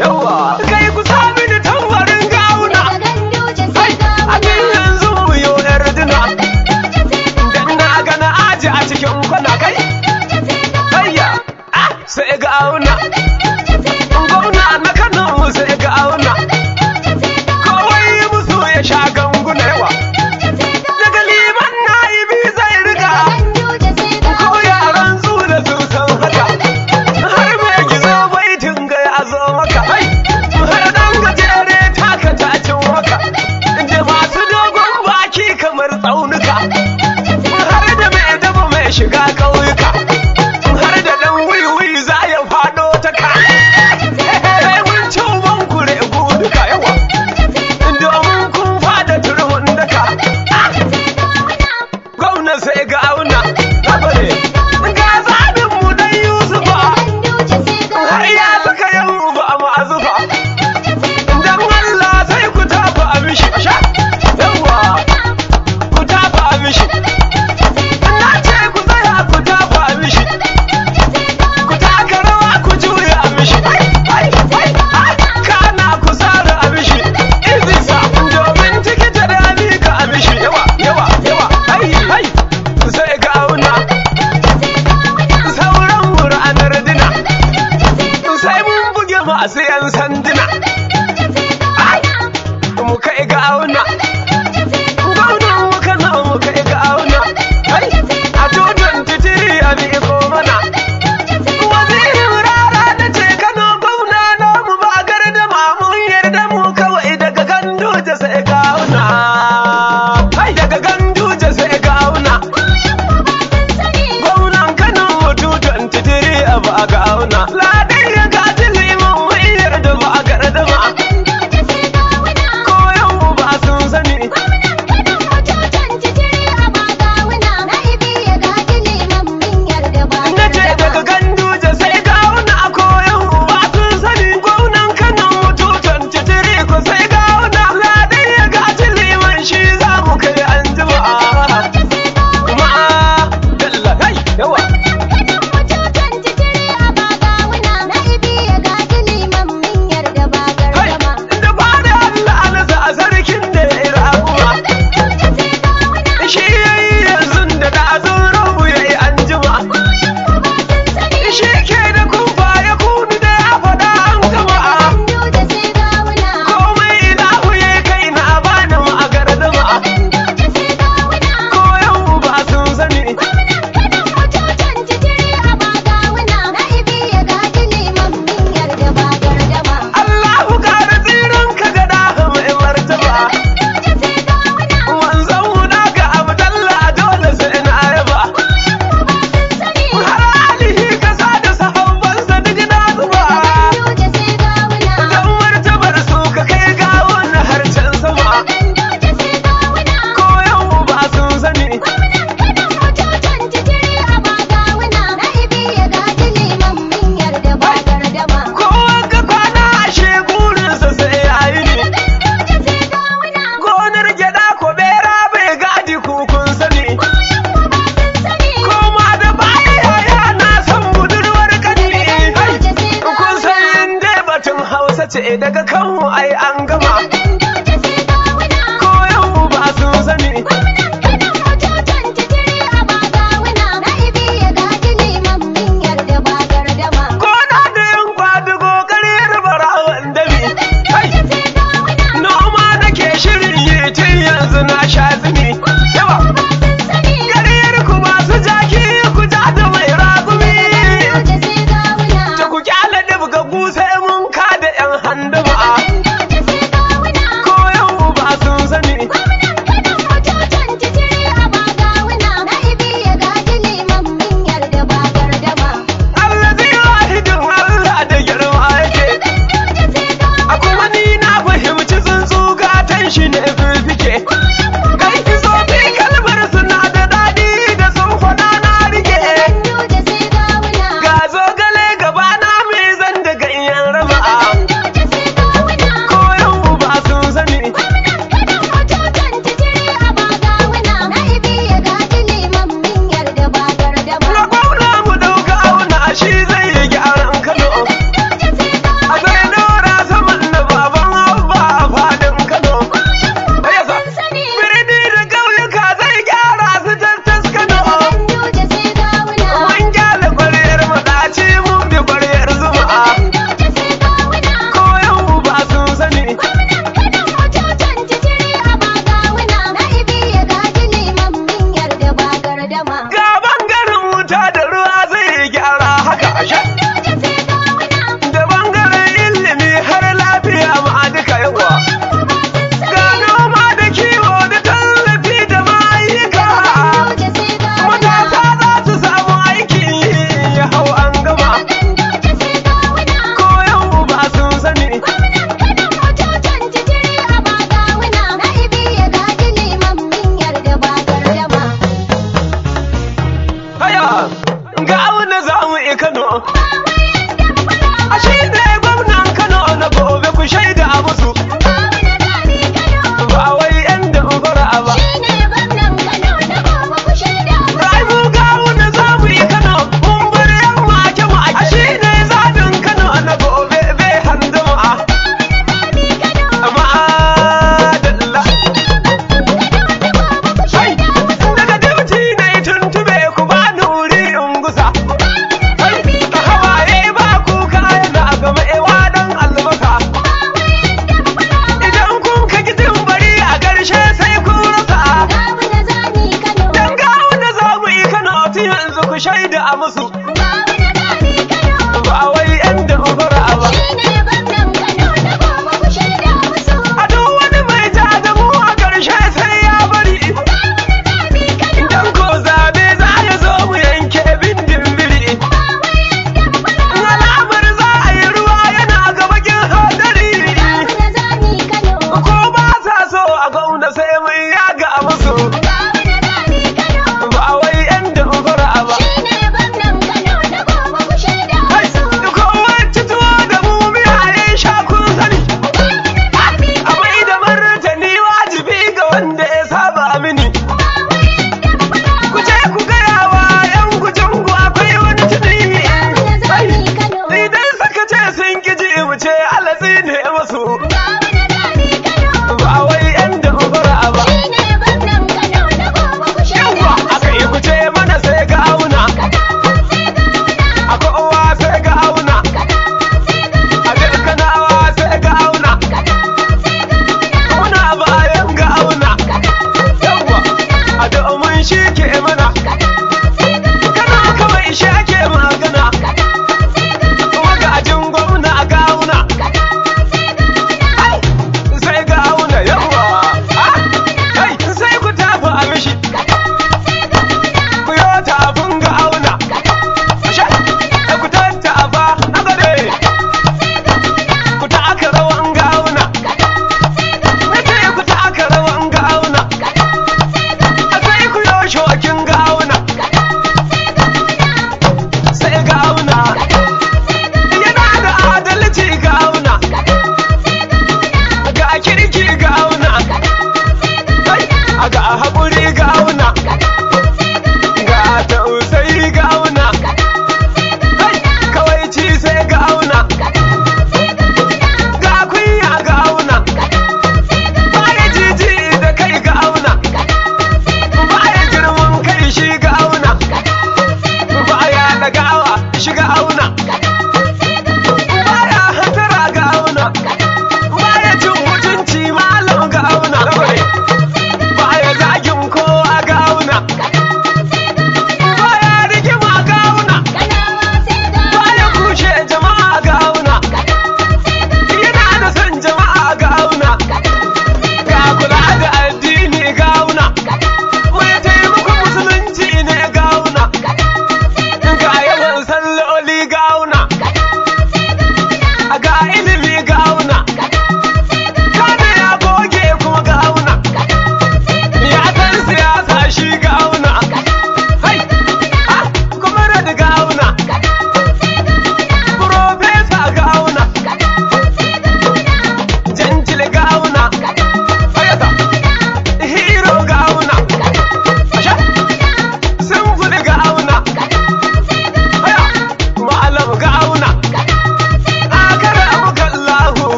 Yawa! ce daga kanmu ai an gama a su